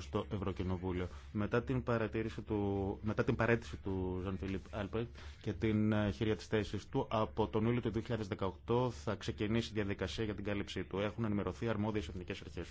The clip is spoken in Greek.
στο Ευρωκοινοβούλιο. Μετά την, παρατήρηση του, μετά την παρέτηση του Ζαν Φιλίπ Άλπερτ και την ε, χειρία τη θέση του, από τον Ιούλιο του 2018 θα ξεκινήσει η διαδικασία για την κάλυψή του. Έχουν ενημερωθεί αρμόδιε εθνικέ αρχέ.